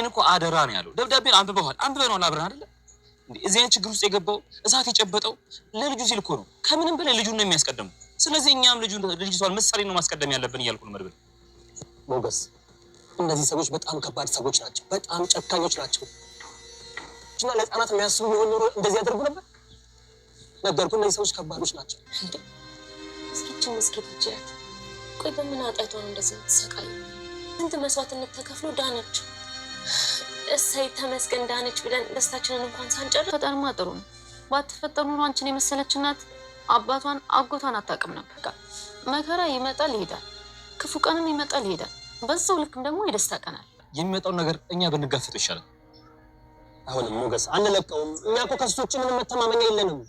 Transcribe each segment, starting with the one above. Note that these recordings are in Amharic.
እኔ እኮ አደራ ነው ያለው። ደብዳቤን አንብበዋል አንብበነዋል አብረን አይደለ እንዴ? እዚህ አይነት ችግር ውስጥ የገባው እሳት የጨበጠው ለልጁ ሲል እኮ ነው። ከምንም በላይ ልጁን ነው የሚያስቀድመው። ስለዚህ እኛም ልጁ ልጅቷን ምሳሌ ነው ማስቀደም ያለብን እያልኩ ነው። መድብል ሞገስ፣ እነዚህ ሰዎች በጣም ከባድ ሰዎች ናቸው። በጣም ጨካኞች ናቸው እና ለህፃናት የሚያስቡ የሆን ኖሮ እንደዚህ ያደርጉ ነበር። ነገርኩ፣ እነዚህ ሰዎች ከባዶች ናቸው። እስኪችን መስኪት ይችላል። ቆይ በምን አጣይቷ ነው እንደዚህ ተሰቃየ? ስንት መስዋዕትነት ተከፍሎ ዳነች። እሰይ ተመስገን ዳነች ብለን ደስታችንን እንኳን ሳንጨርስ ፈጠርማ ጥሩ ነው። ባትፈጠር ኑሮ አንቺን የመሰለች እናት አባቷን አጎቷን አታውቅም ነበር። በቃ መከራ ይመጣል ይሄዳል፣ ክፉ ቀንም ይመጣል ይሄዳል። በዛው ልክም ደግሞ የደስታ ቀናል። የሚመጣውን ነገር እኛ ብንጋፈጡ ይሻላል። አሁንም ሞገስ አንለቀውም። እኛ እኮ ምንም መተማመኛ የለንም።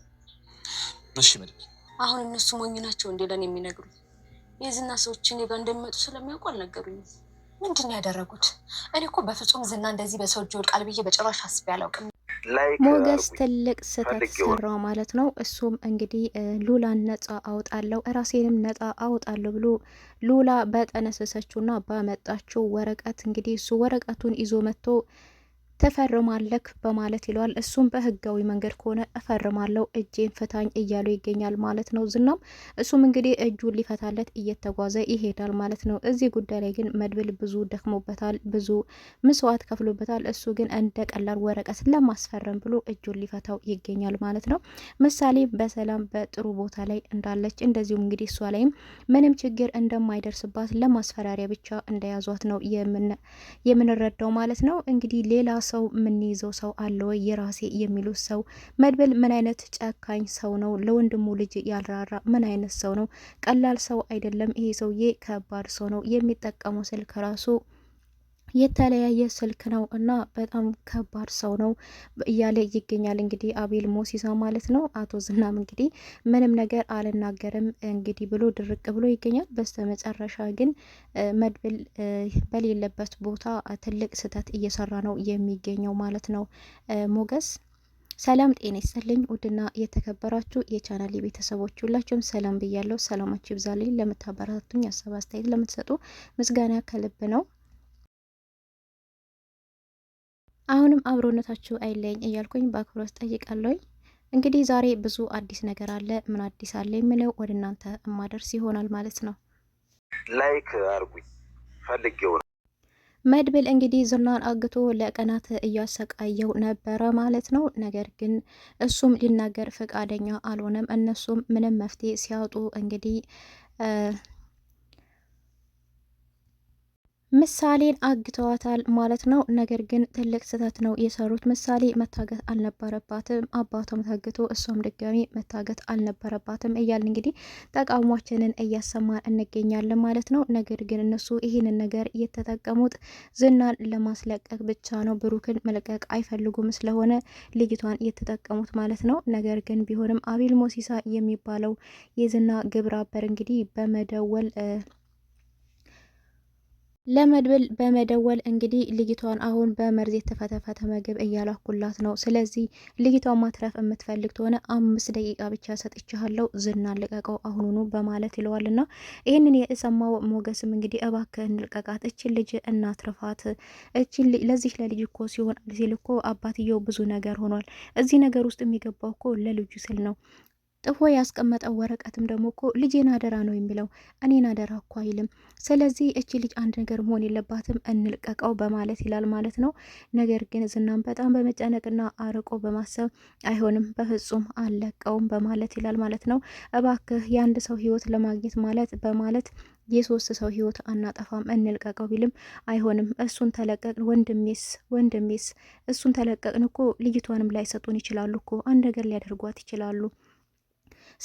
እሺ መድብ፣ አሁን እነሱ ሞኝ ናቸው እንዴ ለን የዝና ሰዎች እኔ ጋር እንደሚመጡ ስለሚያውቁ አልነገሩኝም። ምንድን ነው ያደረጉት? እኔ እኮ በፍጹም ዝና እንደዚህ በሰው እጅ ወድቃል ብዬ በጭራሽ አስቤ አላውቅም። ሞገስ ትልቅ ስህተት ሰራ ማለት ነው። እሱም እንግዲህ ሉላን ነጻ አውጣለሁ እራሴንም ነጻ አውጣለሁ ብሎ ሉላ በጠነሰሰችውና ባመጣችው ወረቀት እንግዲህ እሱ ወረቀቱን ይዞ መጥቶ ተፈርማለክ በማለት ይለዋል። እሱም በህጋዊ መንገድ ከሆነ እፈርማለው እጄን ፍታኝ እያለው ይገኛል ማለት ነው። ዝናም እሱም እንግዲህ እጁን ሊፈታለት እየተጓዘ ይሄዳል ማለት ነው። እዚህ ጉዳይ ላይ ግን መድብል ብዙ ደክሞበታል፣ ብዙ ምስዋዕት ከፍሎበታል። እሱ ግን እንደ ቀላል ወረቀት ለማስፈረም ብሎ እጁን ሊፈታው ይገኛል ማለት ነው። ምሳሌ በሰላም በጥሩ ቦታ ላይ እንዳለች እንደዚሁም እንግዲህ እሷ ላይም ምንም ችግር እንደማይደርስባት ለማስፈራሪያ ብቻ እንደያዟት ነው የምንረዳው ማለት ነው። እንግዲህ ሌላ ሰው የምንይዘው ሰው አለ ወይ የራሴ የሚሉት ሰው መድብል ምን አይነት ጨካኝ ሰው ነው? ለወንድሙ ልጅ ያልራራ ምን አይነት ሰው ነው? ቀላል ሰው አይደለም ይሄ ሰውዬ፣ ከባድ ሰው ነው። የሚጠቀመው ስልክ ራሱ የተለያየ ስልክ ነው እና በጣም ከባድ ሰው ነው እያለ ይገኛል። እንግዲህ አቤል ሞሲሳ ማለት ነው። አቶ ዝናም እንግዲህ ምንም ነገር አልናገርም እንግዲህ ብሎ ድርቅ ብሎ ይገኛል። በስተ መጨረሻ ግን መድብል በሌለበት ቦታ ትልቅ ስህተት እየሰራ ነው የሚገኘው ማለት ነው ሞገስ ሰላም ጤና ይስጥልኝ። ውድና የተከበራችሁ የቻናል ቤተሰቦች ሁላችሁም ሰላም ብያለሁ። ሰላማችሁ ይብዛልኝ። ለምታበረታቱኝ ሀሳብ አስተያየት ለምትሰጡ ምስጋና ከልብ ነው። አሁንም አብሮነታችሁ አይለኝ እያልኩኝ በአክብሮት ጠይቃለሁኝ። እንግዲህ ዛሬ ብዙ አዲስ ነገር አለ። ምን አዲስ አለ የሚለው ወደ እናንተ እማደርስ ይሆናል ማለት ነው። ላይክ አርጉኝ ፈልጌው ነው። መድብል እንግዲህ ዝናን አግቶ ለቀናት እያሰቃየው ነበረ ማለት ነው። ነገር ግን እሱም ሊናገር ፈቃደኛ አልሆነም። እነሱም ምንም መፍትሄ ሲያጡ እንግዲህ ምሳሌን አግተዋታል ማለት ነው። ነገር ግን ትልቅ ስህተት ነው የሰሩት። ምሳሌ መታገት አልነበረባትም። አባቷም ታግቶ እሷም ድጋሚ መታገት አልነበረባትም እያል እንግዲህ ተቃውሟችንን እያሰማን እንገኛለን ማለት ነው። ነገር ግን እነሱ ይህንን ነገር የተጠቀሙት ዝናን ለማስለቀቅ ብቻ ነው። ብሩክን መልቀቅ አይፈልጉም ስለሆነ ልጅቷን የተጠቀሙት ማለት ነው። ነገር ግን ቢሆንም አቤል ሞሲሳ የሚባለው የዝና ግብረ አበር እንግዲህ በመደወል ለመድብል በመደወል እንግዲህ ልጅቷን አሁን በመርዝ የተፈተፈተ ምግብ እያላኩላት ነው። ስለዚህ ልጅቷን ማትረፍ የምትፈልግ ከሆነ አምስት ደቂቃ ብቻ ሰጥቻለሁ፣ ዝና ልቀቀው አሁኑኑ በማለት ይለዋል። ና ይህንን የሰማው ሞገስም እንግዲህ እባክህ እንልቀቃት፣ እችን ልጅ እናትርፋት፣ እችን ለዚህ ለልጅ እኮ ሲሆን ሲል እኮ አባትየው ብዙ ነገር ሆኗል። እዚህ ነገር ውስጥ የሚገባው እኮ ለልጁ ስል ነው ጥፎ ያስቀመጠው ወረቀትም ደግሞ እኮ ልጄን አደራ ነው የሚለው እኔን አደራ እኮ አይልም። ስለዚህ እቺ ልጅ አንድ ነገር መሆን የለባትም እንልቀቀው በማለት ይላል ማለት ነው። ነገር ግን ዝናም በጣም በመጨነቅና አርቆ በማሰብ አይሆንም፣ በፍጹም አልለቀውም በማለት ይላል ማለት ነው። እባክህ የአንድ ሰው ህይወት ለማግኘት ማለት በማለት የሶስት ሰው ህይወት አናጠፋም እንልቀቀው ቢልም አይሆንም። እሱን ተለቀቅን ወንድሜስ ወንድሜስ እሱን ተለቀቅን እኮ ልጅቷንም ላይሰጡን ይችላሉ እኮ አንድ ነገር ሊያደርጓት ይችላሉ።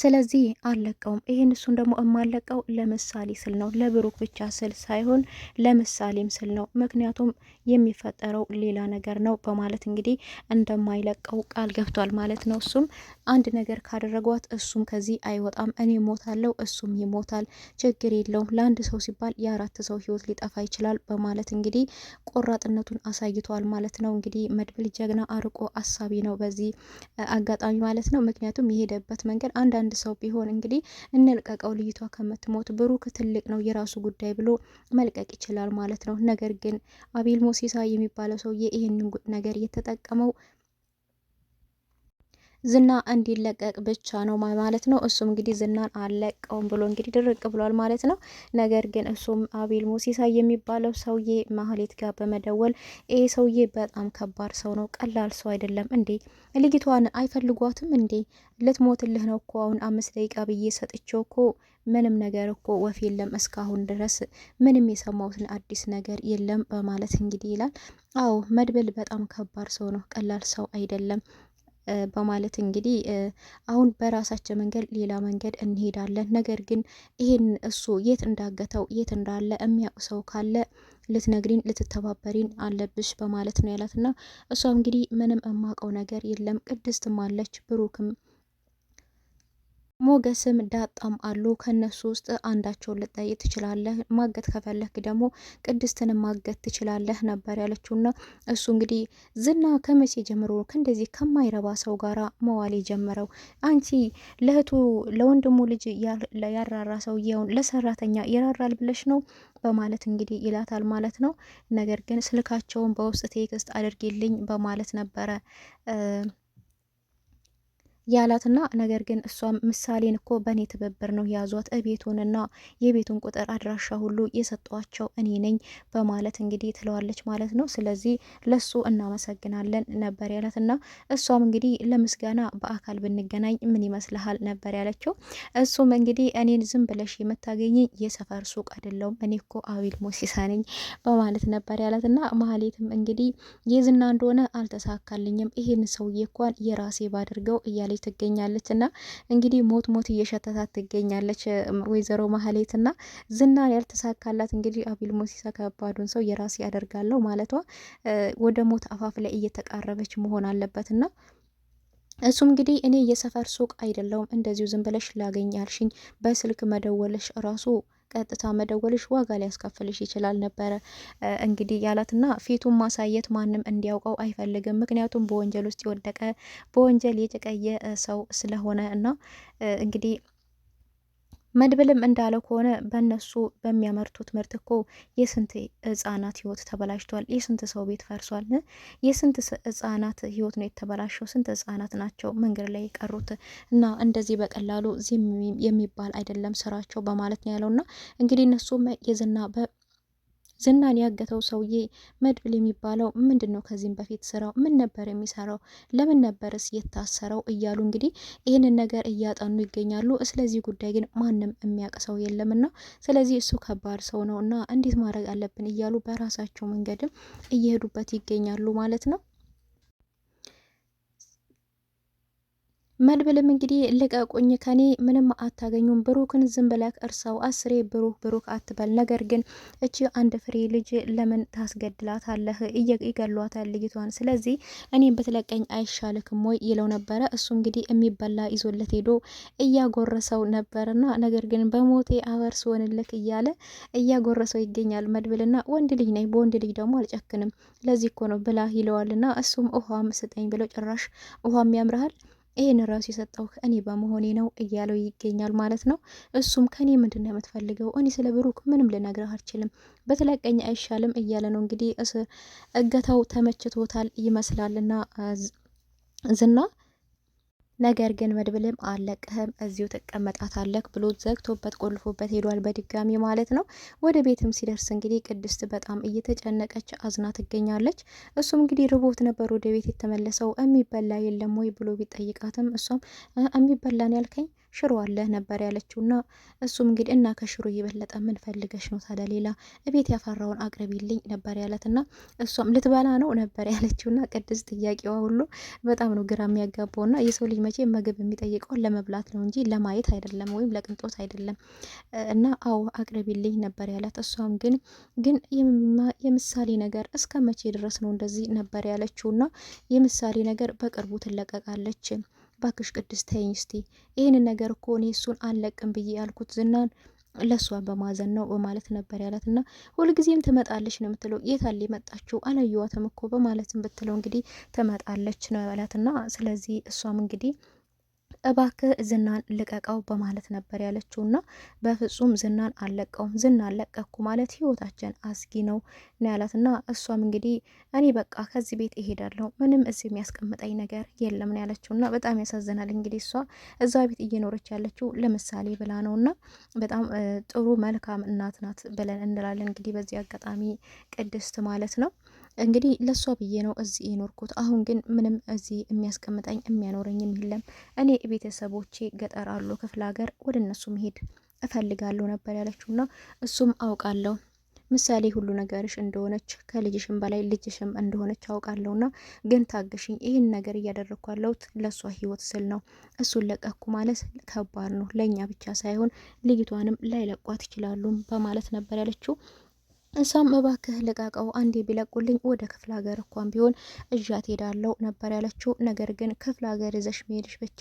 ስለዚህ አልለቀውም። ይህን እሱን ደግሞ የማለቀው ለምሳሌ ስል ነው፣ ለብሩክ ብቻ ስል ሳይሆን ለምሳሌም ስል ነው። ምክንያቱም የሚፈጠረው ሌላ ነገር ነው በማለት እንግዲህ እንደማይለቀው ቃል ገብቷል ማለት ነው። እሱም አንድ ነገር ካደረጓት እሱም ከዚህ አይወጣም። እኔ ሞታለው፣ እሱም ይሞታል። ችግር የለውም ለአንድ ሰው ሲባል የአራት ሰው ህይወት ሊጠፋ ይችላል በማለት እንግዲህ ቆራጥነቱን አሳይቷል ማለት ነው። እንግዲህ መድብል ጀግና፣ አርቆ አሳቢ ነው በዚህ አጋጣሚ ማለት ነው። ምክንያቱም የሄደበት መንገድ አንድ አንዳንድ ሰው ቢሆን እንግዲህ እንልቀቀው፣ ልይቷ ከምትሞት ብሩክ ትልቅ ነው የራሱ ጉዳይ ብሎ መልቀቅ ይችላል ማለት ነው። ነገር ግን አቤል ሞሴሳ የሚባለው ሰውዬ ይህንን ነገር የተጠቀመው ዝና እንዲለቀቅ ብቻ ነው ማለት ነው። እሱም እንግዲህ ዝናን አለቀውም ብሎ እንግዲህ ድርቅ ብሏል ማለት ነው። ነገር ግን እሱም አቤል ሙሲሳ የሚባለው ሰውዬ ማህሌት ጋር በመደወል ይሄ ሰውዬ በጣም ከባድ ሰው ነው፣ ቀላል ሰው አይደለም እንዴ ልጅቷን አይፈልጓትም እንዴ ልትሞትልህ ነው እኮ አሁን አምስት ደቂቃ ብዬ ሰጥቼው እኮ ምንም ነገር እኮ ወፍ የለም እስካሁን ድረስ ምንም የሰማሁትን አዲስ ነገር የለም በማለት እንግዲህ ይላል። አዎ መድብል በጣም ከባድ ሰው ነው፣ ቀላል ሰው አይደለም በማለት እንግዲህ አሁን በራሳቸው መንገድ ሌላ መንገድ እንሄዳለን። ነገር ግን ይሄን እሱ የት እንዳገተው የት እንዳለ የሚያውቅ ሰው ካለ ልትነግሪን ልትተባበሪን አለብሽ በማለት ነው ያላትና እሷ እንግዲህ ምንም የማውቀው ነገር የለም ቅድስትም አለች ብሩክም ሞገስም ዳጣም አሉ። ከነሱ ውስጥ አንዳቸውን ልጠይቅ ትችላለህ፣ ማገት ከፈለክ ደግሞ ቅድስትን ማገት ትችላለህ ነበር ያለችውና እሱ እንግዲህ ዝና ከመቼ ጀምሮ ከእንደዚህ ከማይረባ ሰው ጋራ መዋል የጀመረው አንቺ ለእህቱ ለወንድሙ ልጅ ያራራ ሰውዬውን ለሰራተኛ ይራራል ብለሽ ነው በማለት እንግዲህ ይላታል ማለት ነው። ነገር ግን ስልካቸውን በውስጥ ቴክስት አድርጌልኝ በማለት ነበረ ያላትና ነገር ግን እሷም ምሳሌን እኮ በእኔ ትብብር ነው ያዟት፣ እቤቱንና የቤቱን ቁጥር አድራሻ ሁሉ የሰጧቸው እኔ ነኝ በማለት እንግዲህ ትለዋለች ማለት ነው። ስለዚህ ለሱ እናመሰግናለን ነበር ያላትና እሷም እንግዲህ ለምስጋና በአካል ብንገናኝ ምን ይመስልሃል ነበር ያለችው። እሱም እንግዲህ እኔን ዝም ብለሽ የምታገኘኝ የሰፈር ሱቅ አይደለውም እኔ እኮ አቤል ሞሲሳ ነኝ በማለት ነበር ያላትና መሀሌትም እንግዲህ የዝና እንደሆነ አልተሳካልኝም፣ ይሄን ሰውዬ እንኳን የራሴ ባድርገው እያለች ትገኛለች እና እንግዲህ ሞት ሞት እየሸተታት ትገኛለች ወይዘሮ ማህሌት እና ዝና ያልተሳካላት እንግዲህ አቢል ሞሲሳ ከባዱን ሰው የራሴ ያደርጋለው ማለቷ ወደ ሞት አፋፍ ላይ እየተቃረበች መሆን አለበት እና እሱም እንግዲህ እኔ የሰፈር ሱቅ አይደለውም እንደዚሁ ዝም ብለሽ በስልክ መደወለሽ ራሱ ቀጥታ መደወልሽ ዋጋ ሊያስከፍልሽ ይችላል ነበረ እንግዲህ ያላትና ፊቱን ማሳየት ማንም እንዲያውቀው አይፈልግም። ምክንያቱም በወንጀል ውስጥ የወደቀ በወንጀል የተቀየ ሰው ስለሆነ እና እንግዲህ መድብልም እንዳለው ከሆነ በእነሱ በሚያመርቱት ምርት እኮ የስንት ህጻናት ህይወት ተበላሽቷል። የስንት ሰው ቤት ፈርሷል። የስንት ህጻናት ህይወት ነው የተበላሸው። ስንት ህጻናት ናቸው መንገድ ላይ የቀሩት እና እንደዚህ በቀላሉ የሚባል አይደለም ስራቸው በማለት ነው ያለውና እንግዲህ እነሱ የዝና ዝናን ያገተው ሰውዬ መድብል የሚባለው ምንድን ነው? ከዚህም በፊት ስራው ምን ነበር የሚሰራው? ለምን ነበርስ የታሰረው? እያሉ እንግዲህ ይህንን ነገር እያጠኑ ይገኛሉ። ስለዚህ ጉዳይ ግን ማንም የሚያውቅ ሰው የለምና ስለዚህ እሱ ከባድ ሰው ነው እና እንዴት ማድረግ አለብን እያሉ በራሳቸው መንገድም እየሄዱበት ይገኛሉ ማለት ነው። መድብልም እንግዲህ ልቀቁኝ፣ ከኔ ምንም አታገኙም፣ ብሩክን ዝም ብለክ እርሰው፣ አስሬ ብሩክ ብሩክ አትበል። ነገር ግን እቺ አንድ ፍሬ ልጅ ለምን ታስገድላታለህ? ይገሏታል ልጅቷን። ስለዚህ እኔም ብትለቀኝ አይሻልክም ወይ ይለው ነበረ። እሱ እንግዲህ የሚበላ ይዞለት ሄዶ እያጎረሰው ነበርና ነገር ግን በሞቴ አበርስ ሆንልክ እያለ እያጎረሰው ይገኛል መድብልና ወንድ ልጅ ነኝ፣ በወንድ ልጅ ደግሞ አልጨክንም፣ ለዚህ እኮ ነው ብላ ይለዋልና እሱም ውሃም ስጠኝ ብለው ጭራሽ ውሃም ያምርሃል ይህን ራሱ የሰጠው እኔ በመሆኔ ነው እያለው ይገኛል ማለት ነው። እሱም ከኔ ምንድን ነው የምትፈልገው? እኔ ስለ ብሩክ ምንም ልነግርህ አልችልም፣ በተለቀኝ አይሻልም እያለ ነው እንግዲህ እገታው ተመችቶታል ይመስላልና ዝና ነገር ግን መድብልም አለቅህም እዚሁ ትቀመጣታለህ ብሎ ዘግቶበት ቆልፎበት ሄዷል፣ በድጋሚ ማለት ነው። ወደ ቤትም ሲደርስ እንግዲህ ቅድስት በጣም እየተጨነቀች አዝና ትገኛለች። እሱም እንግዲህ ርቦት ነበር ወደ ቤት የተመለሰው። የሚበላ የለም ወይ ብሎ ቢጠይቃትም እሷም የሚበላን ያልከኝ ሽሮ አለህ ነበር ያለችው ና እሱም እንግዲህ እና ከሽሮ እየበለጠ ምን ፈልገሽ ነው ታዲያ ሌላ እቤት ያፈራውን አቅርቢልኝ ነበር ያለት ና እሷም ልትበላ ነው ነበር ና ቅድስት ጥያቄዋ ሁሉ በጣም ነው ግራ የሚያጋባውና የሰው ልጅ መቼ ምግብ የሚጠይቀውን ለመብላት ነው እንጂ ለማየት አይደለም ወይም ለቅንጦት አይደለም። እና አዎ አቅርቢልኝ ነበር ያላት። እሷም ግን ግን የምሳሌ ነገር እስከ መቼ ድረስ ነው እንደዚህ ነበር ያለችው ና የምሳሌ ነገር በቅርቡ ትለቀቃለች። ባክሽ ቅድስት ተይኝ እስቲ ይህንን ነገር እኮ እኔ እሱን አንለቅም ብዬ ያልኩት ዝናን ለእሷን በማዘን ነው በማለት ነበር ያላት እና ሁልጊዜም ትመጣለች ነው የምትለው። የታል የመጣችው አላየዋትም እኮ በማለትም ብትለው እንግዲህ ትመጣለች ነው ያላት እና ስለዚህ እሷም እንግዲህ እባክህ ዝናን ልቀቀው በማለት ነበር ያለችው እና በፍጹም ዝናን አልለቀውም፣ ዝና ለቀኩ ማለት ህይወታችን አስጊ ነው ነው ያላትና እሷም እንግዲህ እኔ በቃ ከዚህ ቤት እሄዳለሁ፣ ምንም እዚህ የሚያስቀምጠኝ ነገር የለም ነው ያለችውና በጣም ያሳዝናል። እንግዲህ እሷ እዛ ቤት እየኖረች ያለችው ለምሳሌ ብላ ነውና በጣም ጥሩ መልካም እናት ናት ብለን እንላለን። እንግዲህ በዚህ አጋጣሚ ቅድስት ማለት ነው። እንግዲህ ለእሷ ብዬ ነው እዚህ የኖርኩት። አሁን ግን ምንም እዚህ የሚያስቀምጠኝ የሚያኖረኝም የለም። እኔ ቤተሰቦቼ ገጠር አሉ፣ ክፍለ ሀገር፣ ወደ እነሱ መሄድ እፈልጋለሁ ነበር ያለችውና እሱም አውቃለሁ ምሳሌ ሁሉ ነገርሽ እንደሆነች ከልጅሽም በላይ ልጅሽም እንደሆነች አውቃለሁና ግን ታገሽኝ ይህን ነገር እያደረግኩ ያለሁት ለእሷ ህይወት ስል ነው። እሱን ለቀኩ ማለት ከባድ ነው ለእኛ ብቻ ሳይሆን ልጅቷንም ላይለቋት ይችላሉም በማለት ነበር ያለችው። እሷም እባክህ ልቀቀው አንዴ ቢለቁልኝ ወደ ክፍለ ሀገር እንኳን ቢሆን እዣት ሄዳለው ነበር ያለችው። ነገር ግን ክፍለ ሀገር ይዘሽ መሄድሽ ብቻ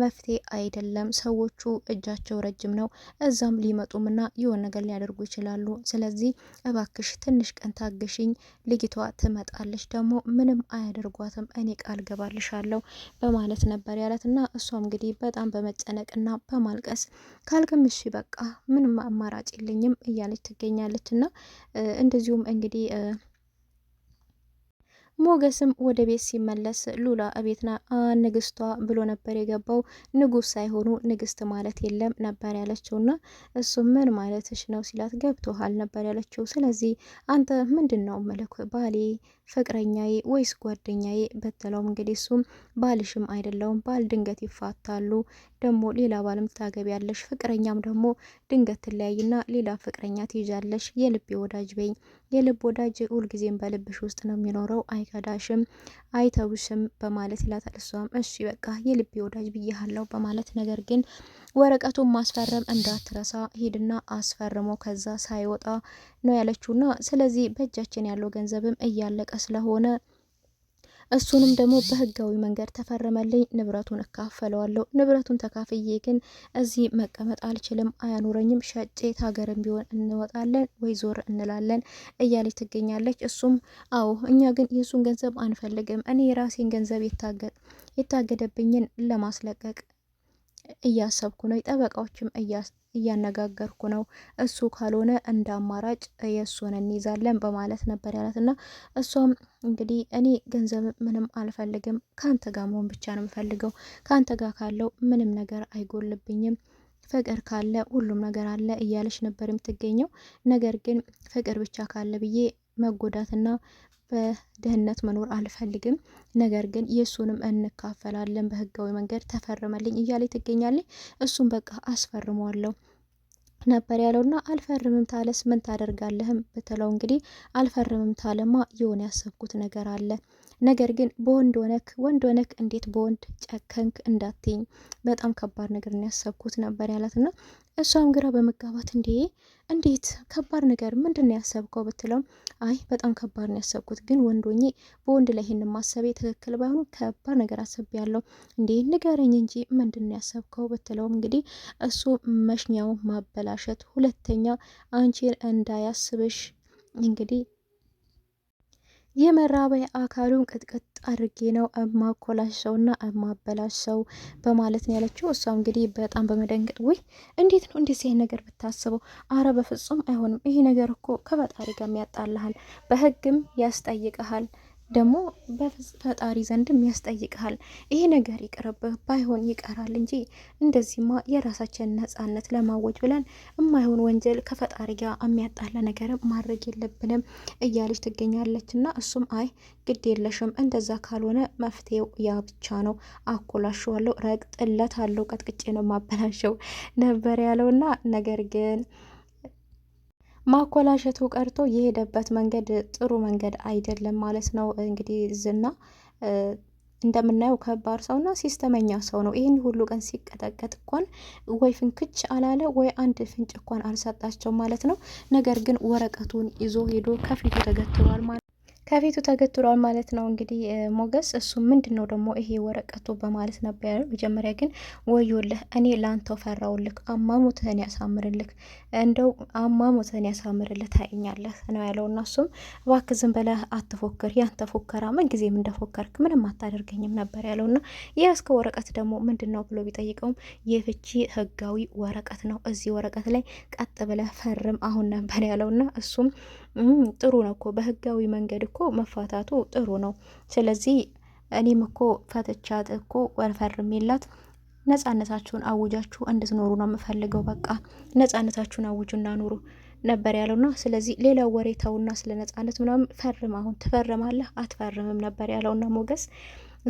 መፍትሄ አይደለም። ሰዎቹ እጃቸው ረጅም ነው። እዛም ሊመጡምና ይሆን ነገር ሊያደርጉ ይችላሉ። ስለዚህ እባክሽ ትንሽ ቀን ታገሽኝ፣ ልጅቷ ትመጣለች፣ ደግሞ ምንም አያደርጓትም፣ እኔ ቃል ገባልሻለሁ በማለት ነበር ያላት እና እሷም እንግዲህ በጣም በመጨነቅና በማልቀስ ካልግምሽ በቃ ምንም አማራጭ የለኝም እያለች ትገኛለች እና እንደዚሁም እንግዲህ ሞገስም ወደ ቤት ሲመለስ ሉላ እቤትና ንግስቷ ብሎ ነበር የገባው። ንጉስ ሳይሆኑ ንግስት ማለት የለም ነበር ያለችውና እሱ ምን ማለትሽ ነው ሲላት ገብቶሃል ነበር ያለችው። ስለዚህ አንተ ምንድን ነው መለክ ባሌ ፍቅረኛዬ ወይስ ጓደኛዬ በተለውም እንግዲህ እሱም ባልሽም አይደለውም። ባል ድንገት ይፋታሉ፣ ደግሞ ሌላ ባልም ታገቢያለሽ፣ ፍቅረኛም ደግሞ ድንገት ትለያይና ሌላ ፍቅረኛ ትይዣለሽ። የልቤ ወዳጅ በኝ። የልብ ወዳጅ ሁልጊዜም በልብሽ ውስጥ ነው የሚኖረው አይ ያዳሽም አይተውሽም በማለት ይላታል። እሷም እሺ በቃ የልቤ ወዳጅ ብያሃለው በማለት ነገር ግን ወረቀቱን ማስፈረም እንዳትረሳ ሂድና አስፈርሞ ከዛ ሳይወጣ ነው ያለችውና ስለዚህ በእጃችን ያለው ገንዘብም እያለቀ ስለሆነ እሱንም ደግሞ በህጋዊ መንገድ ተፈረመልኝ፣ ንብረቱን እካፈለዋለሁ። ንብረቱን ተካፍዬ ግን እዚህ መቀመጥ አልችልም፣ አያኖረኝም። ሸጬት ሀገርም ቢሆን እንወጣለን ወይ ዞር እንላለን እያለች ትገኛለች። እሱም አዎ እኛ ግን የእሱን ገንዘብ አንፈልግም፣ እኔ የራሴን ገንዘብ የታገደብኝን ለማስለቀቅ እያሰብኩ ነው። ጠበቃዎችም እያስ እያነጋገርኩ ነው። እሱ ካልሆነ እንደ አማራጭ የእሱን እንይዛለን በማለት ነበር ያላት እና እሷም እንግዲህ እኔ ገንዘብ ምንም አልፈልግም፣ ከአንተ ጋር መሆን ብቻ ነው የምፈልገው። ከአንተ ጋር ካለው ምንም ነገር አይጎልብኝም፣ ፍቅር ካለ ሁሉም ነገር አለ እያለች ነበር የምትገኘው። ነገር ግን ፍቅር ብቻ ካለ ብዬ መጎዳትና በድህነት መኖር አልፈልግም፣ ነገር ግን የእሱንም እንካፈላለን በህጋዊ መንገድ ተፈርመልኝ እያለ ትገኛለች። እሱም በቃ አስፈርመዋለሁ ነበር ያለውና አልፈርምም ታለስ ምን ታደርጋለህም ብትለው እንግዲህ አልፈርምም ታለማ የሆነ ያሰብኩት ነገር አለ ነገር ግን በወንድ ሆነክ ወንድ ሆነክ እንዴት በወንድ ጨከንክ እንዳትኝ በጣም ከባድ ነገር ያሰብኩት ነበር ያላትና እሷም ግራ በመጋባት እንዴ እንዴት ከባድ ነገር ምንድን ነው ያሰብከው ብትለውም አይ በጣም ከባድ ነው ያሰብኩት፣ ግን ወንዶኜ በወንድ ላይ ይህን ማሰቤ ትክክል ባይሆኑ ከባድ ነገር አሰብ ያለው እንዴ ንገረኝ እንጂ ምንድን ነው ያሰብከው ብትለውም እንግዲህ እሱ መሽኛው ማበላሸት፣ ሁለተኛ አንቺን እንዳያስብሽ እንግዲህ የመራቢያ አካሉን ቅጥቅጥ አድርጌ ነው እማኮላሸውና እማበላሸው በማለት ነው ያለችው። እሷ እንግዲህ በጣም በመደንገጥ ወይ እንዴት ነው እንዴት ይሄ ነገር ብታስበው፣ አረ በፍጹም አይሆንም። ይሄ ነገር እኮ ከፈጣሪ ጋር ያጣልሃል፣ በህግም ያስጠይቀሃል ደግሞ በፈጣሪ ዘንድም ያስጠይቅሃል። ይሄ ነገር ይቅርብህ፣ ባይሆን ይቀራል እንጂ እንደዚህማ የራሳችን ነጻነት ለማወጅ ብለን የማይሆን ወንጀል ከፈጣሪ ጋር የሚያጣለ ነገር ማድረግ የለብንም እያለች ትገኛለች። እና እሱም አይ ግድ የለሽም እንደዛ ካልሆነ መፍትሄው ያ ብቻ ነው፣ አኮላሸዋለሁ፣ ረግጥለት አለው፣ ቀጥቅጬ ነው ማበላሸው ነበር ያለውና ነገር ግን ማኮላሸቱ ቀርቶ የሄደበት መንገድ ጥሩ መንገድ አይደለም ማለት ነው። እንግዲህ ዝና እንደምናየው ከባድ ሰው ና ሲስተመኛ ሰው ነው። ይህን ሁሉ ቀን ሲቀጠቀጥ እንኳን ወይ ፍንክች አላለ ወይ አንድ ፍንጭ እንኳን አልሰጣቸው ማለት ነው። ነገር ግን ወረቀቱን ይዞ ሄዶ ከፊቱ ተገትሯል ማለት ከፊቱ ተገትሯል ማለት ነው። እንግዲህ ሞገስ እሱ ምንድን ነው ደግሞ ይሄ ወረቀቱ በማለት ነበር። መጀመሪያ ግን ወዮልህ፣ እኔ ላንተው ፈራውልክ፣ አሟሙትህን ያሳምርልክ፣ እንደው አሟሙትህን ያሳምርልህ፣ ታይኛለህ ነው ያለው። እና እሱም እባክህ ዝም ብለህ አትፎክር፣ ያንተ ፎከራ ምን ጊዜም እንደፎከርክ ምንም አታደርገኝም ነበር ያለው። እና እስከ ወረቀት ደግሞ ምንድን ነው ብሎ ቢጠይቀውም የፍቺ ህጋዊ ወረቀት ነው፣ እዚህ ወረቀት ላይ ቀጥ ብለህ ፈርም አሁን ነበር ያለው። እና እሱም ጥሩ ነው እኮ በህጋዊ መንገድ እኮ መፋታቱ ጥሩ ነው። ስለዚህ እኔም እኮ ፈትቻት እኮ ወፈርሜላት ነጻነታችሁን አውጃችሁ እንድትኖሩ ነው የምፈልገው። በቃ ነጻነታችሁን አውጁና ኑሩ ነበር ያለውና ስለዚህ ሌላው ወሬ ተውና ስለ ነጻነት ምናምን ፈርም አሁን ትፈርማለህ አትፈርምም ነበር ያለውና ሞገስ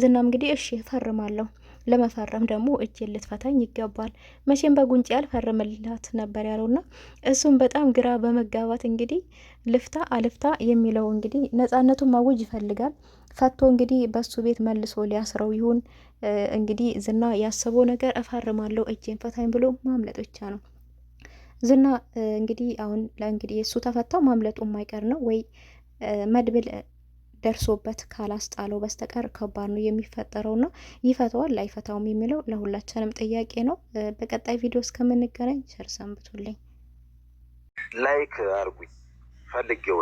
ዝናም እንግዲህ እሺ ፈርማለሁ። ለመፈረም ደግሞ እጅ ልትፈታኝ ይገባል፣ መቼም በጉንጭ ያልፈርምላት ነበር ያለውና እሱም በጣም ግራ በመጋባት እንግዲህ ልፍታ አልፍታ የሚለው እንግዲህ ነጻነቱን ማወጅ ይፈልጋል። ፈቶ እንግዲህ በሱ ቤት መልሶ ሊያስረው ይሁን እንግዲህ ዝና ያሰበው ነገር እፈርማለሁ እጄን ፈታኝ ብሎ ማምለጥ ብቻ ነው። ዝና እንግዲህ አሁን ለእንግዲህ እሱ ተፈታው ማምለጡ የማይቀር ነው ወይ መድብል ደርሶበት ካላስጣለው በስተቀር ከባድ ነው የሚፈጠረውና ይፈተዋል ላይፈታውም የሚለው ለሁላችንም ጥያቄ ነው። በቀጣይ ቪዲዮ እስከምንገናኝ ቸር ሰንብቱልኝ። ላይክ አርጉኝ ፈልጌው